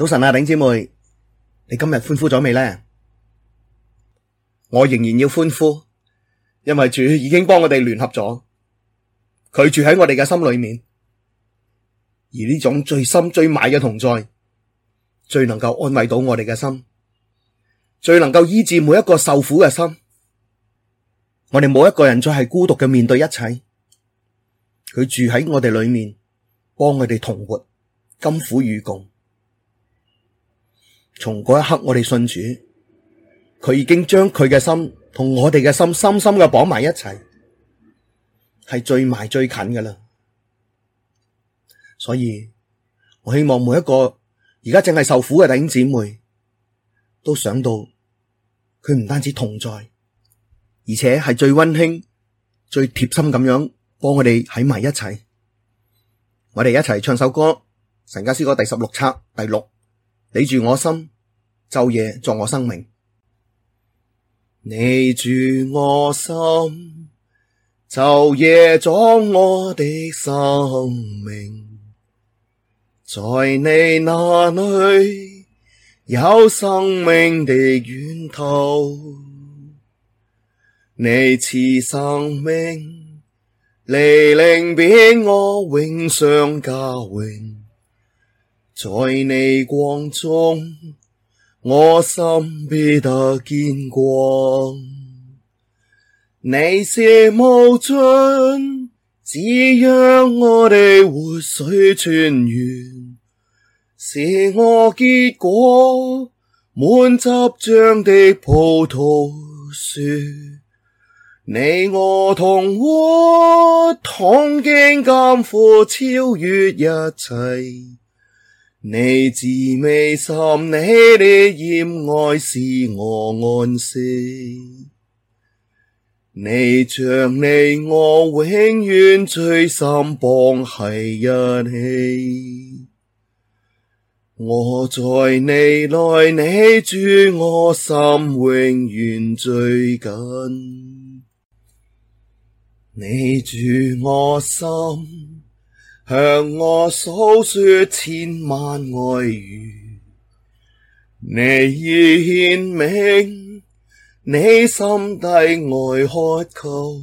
早晨啊，頂姐妹，你今日歡呼咗未呢？我仍然要歡呼，因為主已經幫我哋聯合咗，佢住喺我哋嘅心裏面，而呢種最深最埋嘅同在，最能夠安慰到我哋嘅心，最能夠醫治每一個受苦嘅心，我哋冇一個人再係孤獨嘅面對一切，佢住喺我哋裏面，幫我哋同活，甘苦與共。從嗰一刻，我哋信主，佢已經將佢嘅心同我哋嘅心深深嘅綁埋一齊，係最埋最近㗎喇。所以我希望每一個而家正係受苦嘅弟兄姊妹，都想到佢唔單止同在，而且係最溫馨、最貼心咁樣幫我哋喺埋一齊。我哋一齊唱首歌，《神家詩歌》第十六冊第六。你住我心，晝夜作我生命。你住我心，晝夜作我的生命。在你那裡有生命嘅源頭，你賜生命，你靈變我榮上加榮。在你光中，我心必得見光。你是無盡，只讓我哋活水泉源。使我結果滿汁漿的葡萄樹，你我同活，同經甘苦，超越一切。你至美心，你烈焰愛是我安息。你將你我永遠最深綁繫一起，我在你內，你住我心，永遠最近。你住我心，向我訴說千萬愛語，你已顯明，你心底愛渴求，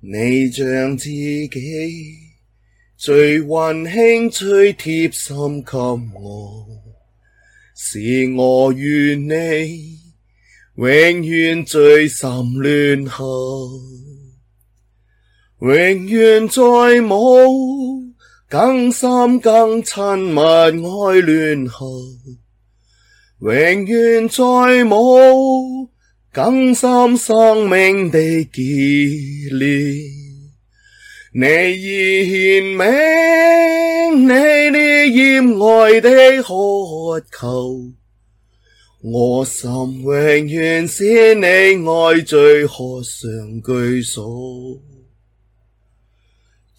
你將自己最温馨、最貼心給我，使我與你永遠最深聯合。永遠再冇更深更親密愛聯合，永遠再冇更深生命的結連。你已顯明你烈焰愛的渴求，我心永遠是你愛最渴想居所。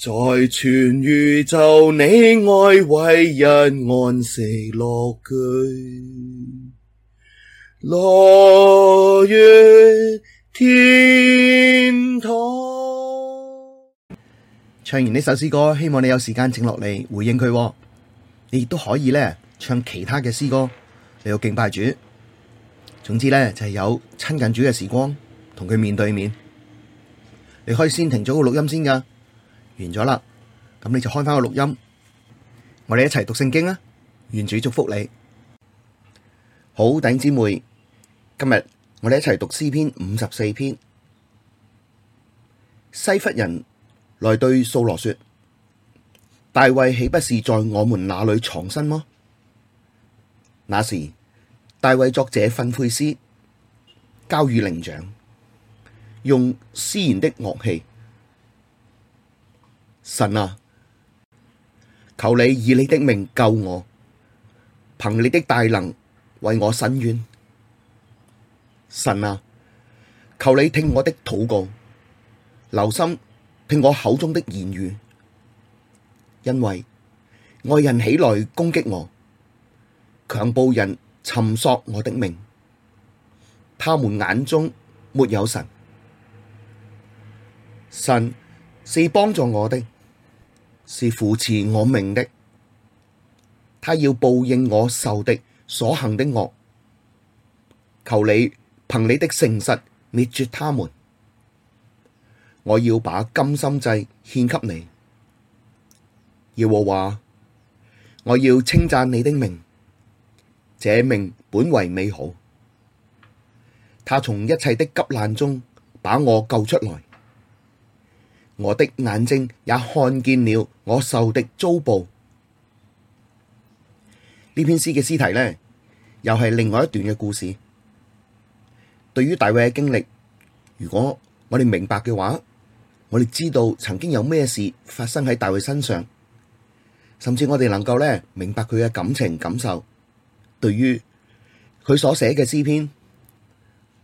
在全宇宙，你愛惟一安息樂居，樂園天堂。唱完呢首詩歌，希望你有時間靜落嚟回應佢。你亦都可以咧唱其他嘅詩歌嚟到敬拜主。總之咧就係、是、有親近主嘅時光，同佢面對面。你可以先停咗個錄音先噶。完咗啦，咁你就開返個錄音，我哋一齊讀聖經啦。願主祝福你，好弟兄姊妹。今日我哋一齊讀詩篇五十四篇。西弗人來對掃羅說：大衛豈不是在我們那裡藏身麼？那時，大衛作這訓誨詩，交與伶長，用絲弦的樂器。神啊，求你以你的名救我，憑你的大能為我伸冤。神啊，求你聽我的禱告，留心聽我口中的言語，因為外人起來攻擊我，強暴人尋索我的命，他們眼中沒有神，神是幫助我的。是扶持我命的，他要報應我仇敵所行的惡。求你憑你的誠實滅絕他們。我要把甘心祭獻給你。耶和華，我要稱讚你的名，這名本為美好。他從一切的急難中把我救出來，我的眼睛也看見了，我仇敵遭報。呢篇詩嘅詩題呢，又係另外一段嘅故事。對於大衛嘅經歷，如果我哋明白嘅話，我哋知道曾經有咩事發生喺大衛身上，甚至我哋能夠呢明白佢嘅感情感受。對於佢所寫嘅詩篇，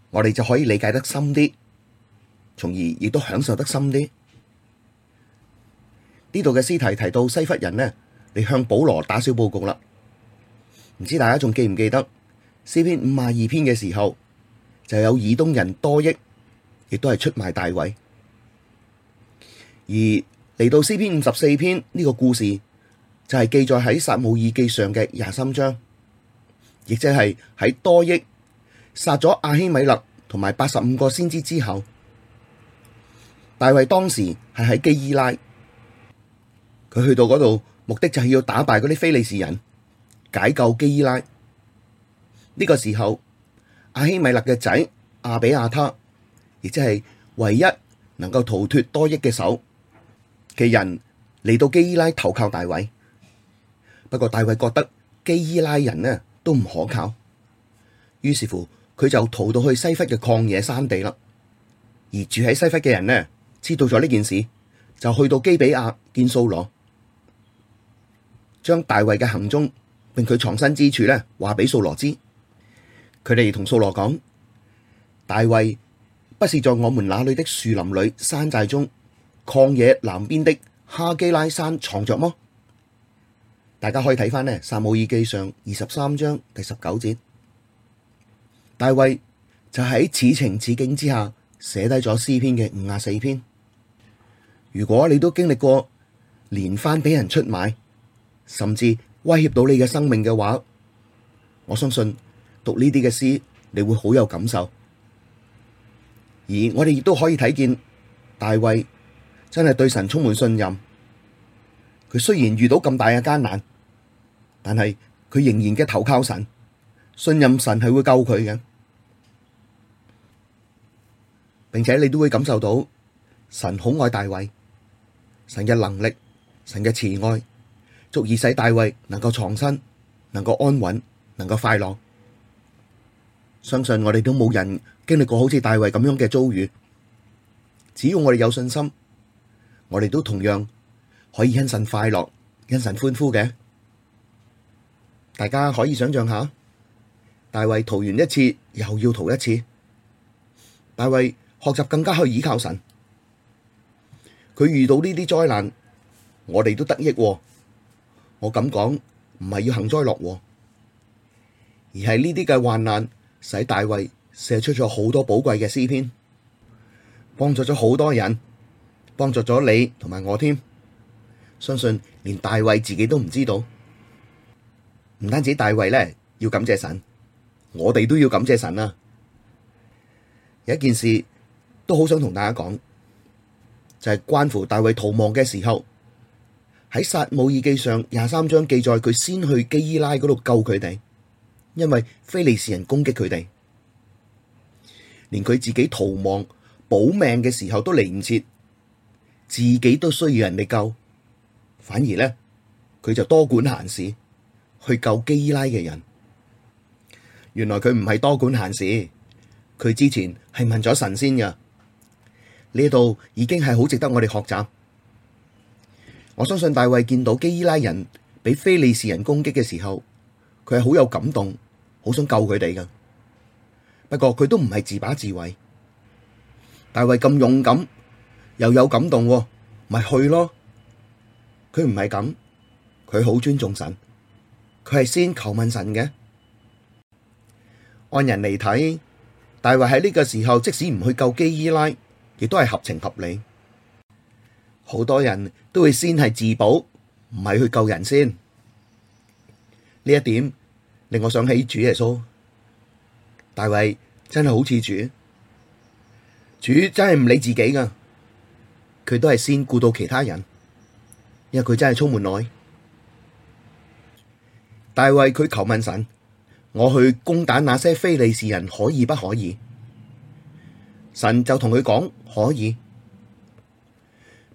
我哋就可以理解得深啲，從而亦都享受得深啲。呢度嘅詩題提到西弗人呢，嚟向掃羅打小報告啦。唔知大家仲記唔記得詩篇五廿二篇嘅時候就有以東人多益，亦都係出賣大衛。而嚟到詩篇五十四篇呢個故事，就係記載喺撒母耳記上嘅廿三章，亦即係喺多益殺咗亞希米勒同埋八十五個先知之後，大衛當時係喺基伊拉。佢去到嗰度，目的就係要打敗嗰啲非利士人，解救基伊拉。呢、這個時候，亞希米勒嘅仔阿比亞他，亦即係唯一能夠逃脫多益嘅手嘅人，嚟到基伊拉投靠大衛。不過大衛覺得基伊拉人呢都唔可靠，於是乎佢就逃到去西弗嘅曠野山地啦。而住喺西弗嘅人呢，知道咗呢件事，就去到基比亞見掃羅。將大衛嘅行蹤並佢藏身之處呢，話畀掃羅知。佢哋同掃羅講：大衛不是在我們那裏的樹林裏、山寨中、曠野南邊的哈基拉山藏着麼？大家可以睇翻呢《撒母耳記》上二十三章第十九節。大衛就喺此情此景之下，寫低咗詩篇嘅五十四篇。如果你都經歷過連番俾人出賣，甚至威脅到你嘅生命嘅話，我相信讀呢啲嘅詩你會好有感受。而我哋亦都可以睇見大衛真係對神充滿信任。佢雖然遇到咁大嘅艱難，但係佢仍然嘅投靠神，信任神係會救佢嘅，並且你都會感受到神好愛大衛，神嘅能力，神嘅慈愛。足以使大衛能夠藏身，能夠安穩，能夠快樂。相信我哋都冇人經歷過好似大衛咁樣嘅遭遇。只要我哋有信心，我哋都同樣可以因神快樂，因神歡呼嘅。大家可以想象下，大衛逃完一次又要逃一次，大衛學習更加去依靠神。佢遇到呢啲災難，我哋都得益喎。我咁講唔係要幸災樂禍，而係呢啲嘅患難使大衛寫出咗好多寶貴嘅詩篇，幫助咗好多人，幫助咗你同埋我添。相信連大衛自己都唔知道，唔單止大衛咧要感謝神，我哋都要感謝神啦。有一件事都好想同大家講，就係關乎大衛逃亡嘅時候。喺撒母耳記上廿三章記載，佢先去基伊拉嗰度救佢哋，因為非利士人攻擊佢哋，連佢自己逃亡保命嘅時候都嚟唔切，自己都需要人哋救，反而咧佢就多管閒事去救基伊拉嘅人。原來佢唔係多管閒事，佢之前係問咗神仙噶，呢度已經係好值得我哋學習。我相信大衛見到基伊拉人俾非利士人攻擊嘅時候，佢係好有感動，好想救佢哋㗎。不過佢都唔係自把自為。大衛咁勇敢，又有感動，咪去咯。佢唔係咁，佢好尊重神，佢係先求問神嘅。按人嚟睇，大衛喺呢個時候即使唔去救基伊拉，亦都係合情合理。好多人都會先係自保，唔係去救人先。呢一點令我想起主耶穌，大衛真係好似主，主真係唔理自己㗎，佢都係先顧到其他人，因為佢真係充滿愛。大衛佢求問神，我去攻打那些非利士人可以不可以？神就同佢講可以。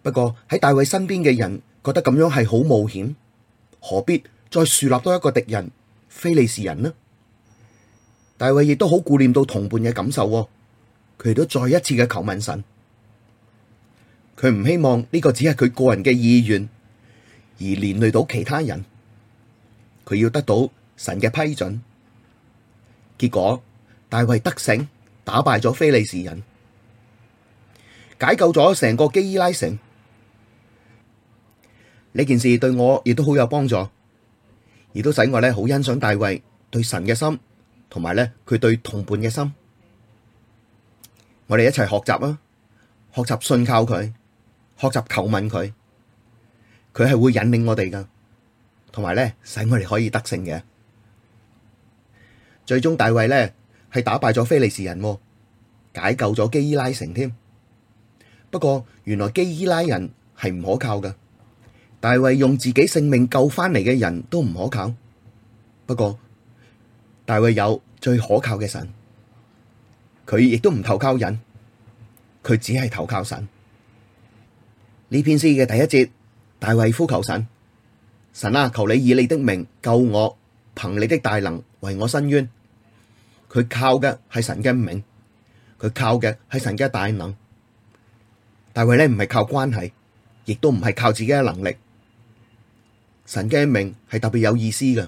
不過喺大衛身邊嘅人覺得咁樣係好冒險，何必再樹立多一個敵人非利士人呢？大衛亦都好顧念到同伴嘅感受，佢都再一次嘅求問神，佢唔希望呢個只係佢個人嘅意願，而連累到其他人。佢要得到神嘅批准。結果大衛得勝，打敗咗非利士人，解救咗成個基伊拉城。呢件事對我亦都好有幫助，亦都使我咧好欣賞大衛對神嘅心，同埋咧佢對同伴嘅心。我哋一齊學習啊，學習信靠佢，學習求問佢，佢係會引領我哋噶，同埋咧使我哋可以得勝嘅。最終大衛咧係打敗咗菲利士人，解救咗基伊拉城添。不過原來基伊拉人係唔可靠噶。大衛用自己性命救翻嚟嘅人都唔可靠，不過大衛有最可靠嘅神，佢亦都唔投靠人，佢只係投靠神。呢篇詩嘅第一節，大衛呼求神：神啊，求你以你的名救我，憑你的大能為我伸冤。佢靠嘅係神嘅名，佢靠嘅係神嘅大能。大衛呢唔係靠關係，亦都唔係靠自己嘅能力。神嘅名係特別有意思嘅，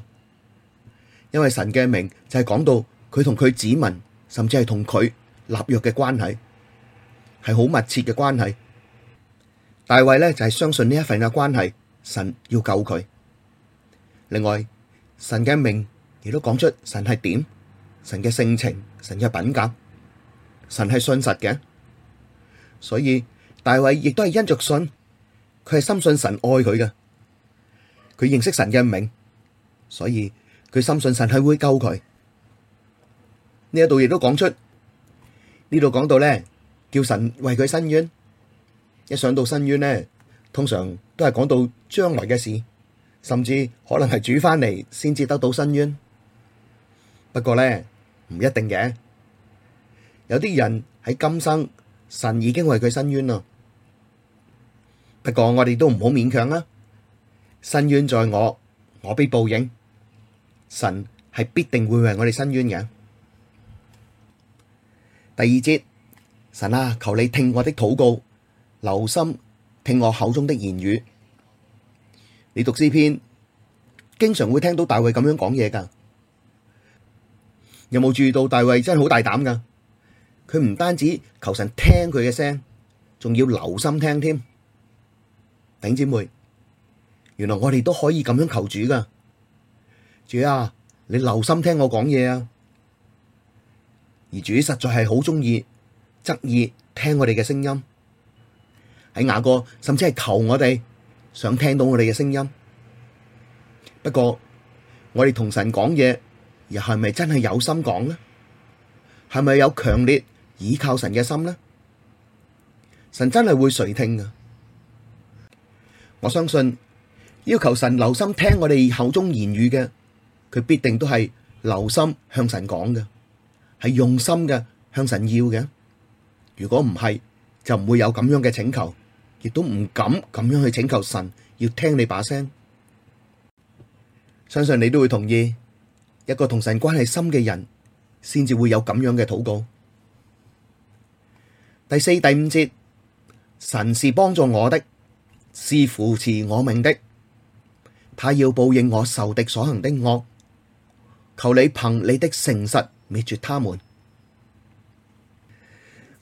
因為神嘅名就係講到佢同佢子民，甚至係同佢立約嘅關係，係好密切嘅關係。大衛咧就係相信呢一份嘅關係，神要救佢。另外，神嘅名亦都講出神係點，神嘅性情，神嘅品格，神係信實嘅。所以大衛亦都係因着信，佢係深信神愛佢嘅。佢認識神嘅名，所以佢深信神係會救佢。呢一度亦都講出，呢度講到咧，叫神為佢伸冤。一上到伸冤咧，通常都係講到將來嘅事，甚至可能係主翻嚟先至得到伸冤。不過咧，唔一定嘅，有啲人喺今生神已經為佢伸冤啦。不過我哋都唔好勉強啦、啊。伸冤在我，我必報應。神係必定會為我哋伸冤嘅。第二節，神啊，求你聽我的禱告，留心聽我口中的言語。你讀詩篇，經常會聽到大衛咁樣講嘢噶。有冇注意到大衛真係好大膽噶？佢唔單止求神聽佢嘅聲，仲要留心聽添。頂姐妹。原來我哋都可以咁樣求主噶，主啊，你留心聽我講嘢啊！而主實在係好鍾意執意聽我哋嘅聲音，喺雅歌甚至係求我哋想聽到我哋嘅聲音。不過我哋同神講嘢，又係咪真係有心講呢？係咪有強烈倚靠神嘅心呢？神真係會垂聽噶，我相信。要求神留心聽我哋口中言語嘅，佢必定都係留心向神講嘅，係用心嘅向神要嘅。如果唔係，就唔會有咁樣嘅請求，亦都唔敢咁樣去請求神要聽你把聲。相信你都會同意，一個同神關係深嘅人，先至會有咁樣嘅禱告。第四、第五節，神是幫助我的，是扶持我命的。他要報應我仇敵所行的惡，求你憑你的誠實滅絕他們。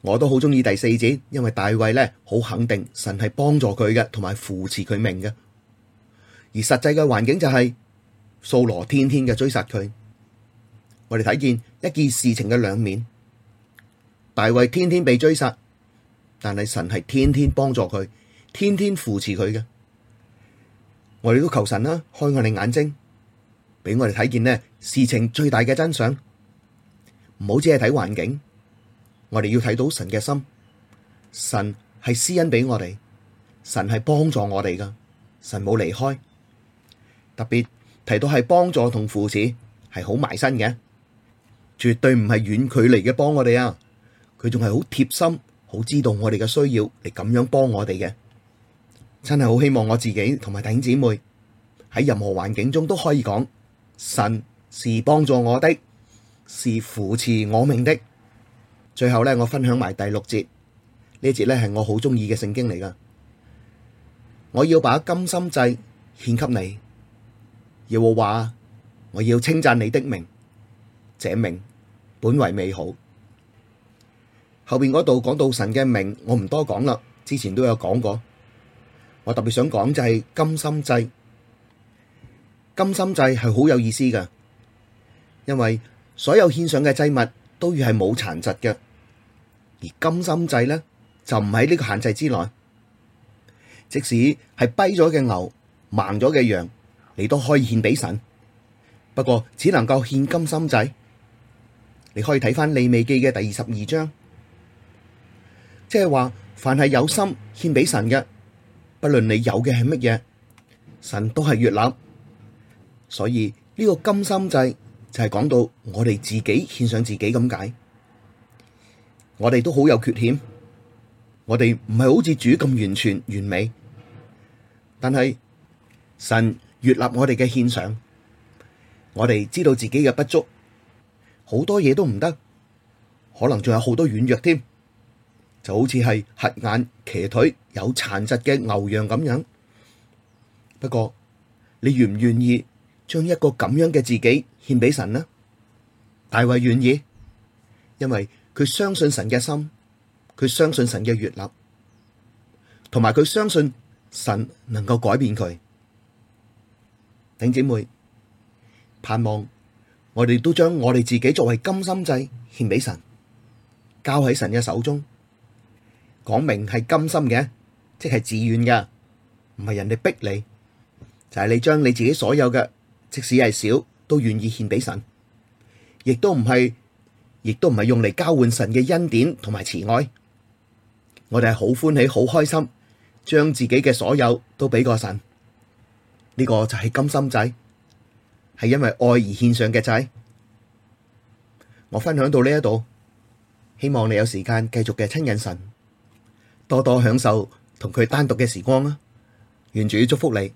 我都好鍾意第四節，因為大衛呢，好肯定神係幫助佢嘅，同埋扶持佢命嘅。而實際嘅環境就係、是、掃羅天天嘅追殺佢，我哋睇見一件事情嘅兩面。大衛天天被追殺，但係神係天天幫助佢，天天扶持佢嘅。我哋都求神啦，啊，開我哋眼睛，俾我哋睇見呢事情最大嘅真相。唔好只係睇環境，我哋要睇到神嘅心。神係施恩俾我哋，神係幫助我哋噶，神冇離開。特別提到係幫助同扶持，係好埋身嘅，絕對唔係遠距離嘅幫我哋啊！佢仲係好貼心，好知道我哋嘅需要，嚟咁樣幫我哋嘅。真係好希望我自己同埋弟兄姊妹喺任何環境中都可以講，神是幫助我的，是扶持我命的。最後咧，我分享埋第六節，呢節咧，係我好中意嘅聖經嚟噶。我要把甘心祭獻給你，耶和華，我要稱讚你的名，這名本為美好。後邊嗰度講到神嘅名，我唔多講啦，之前都有講過。我特別想講就係甘心祭，甘心祭係好有意思嘅，因為所有獻上嘅祭物都要係冇殘疾嘅，而甘心祭呢，就唔喺呢個限制之內，即使係跛咗嘅牛、盲咗嘅羊，你都可以獻俾神，不過只能夠獻甘心祭。你可以睇翻利未記嘅第二十二章，即係話凡係有心獻俾神嘅。不論你有嘅係乜嘢，神都係悅納。所以呢個甘心祭就係講到我哋自己獻上自己咁解。我哋都好有缺陷，我哋唔係好似主咁完全完美。但係神悅納我哋嘅獻上，我哋知道自己嘅不足，好多嘢都唔得，可能仲有好多軟弱添。就好似係瞎眼、騎腿、有殘疾嘅牛羊咁樣。不過你願唔願意將一個咁樣嘅自己獻俾神呢？大衛願意，因為佢相信神嘅心，佢相信神嘅悅納，同埋佢相信神能夠改變佢。頂姐妹，盼望我哋都將我哋自己作為甘心祭獻俾神，交喺神嘅手中。講明係甘心嘅，即係自願嘅，唔係人哋逼你，就係、是、你將你自己所有嘅，即使係少，都願意獻俾神，亦都唔係，亦都唔係用嚟交換神嘅恩典同埋慈愛。我哋係好歡喜、好開心，將自己嘅所有都俾個神，呢、這個就係甘心祭，係因為愛而獻上嘅祭。我分享到呢一度，希望你有時間繼續嘅親近神。多多享受同佢單獨嘅時光啊，願主祝福你。